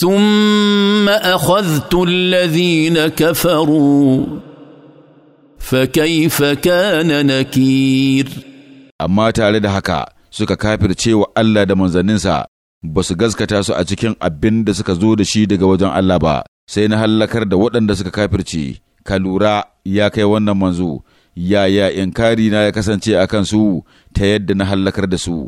ثم اخذت الذين كفروا فكيف كان نكير amma tare da haka suka kafirce wa Allah da manzaninsa ba su gaskata su a cikin abinda suka zo da shi daga wajen Allah ba sai na hallakar da waɗanda suka kafirce ka lura ya kai wannan manzo yaya inkari na ya kasance a kansu ta yadda na hallakar da su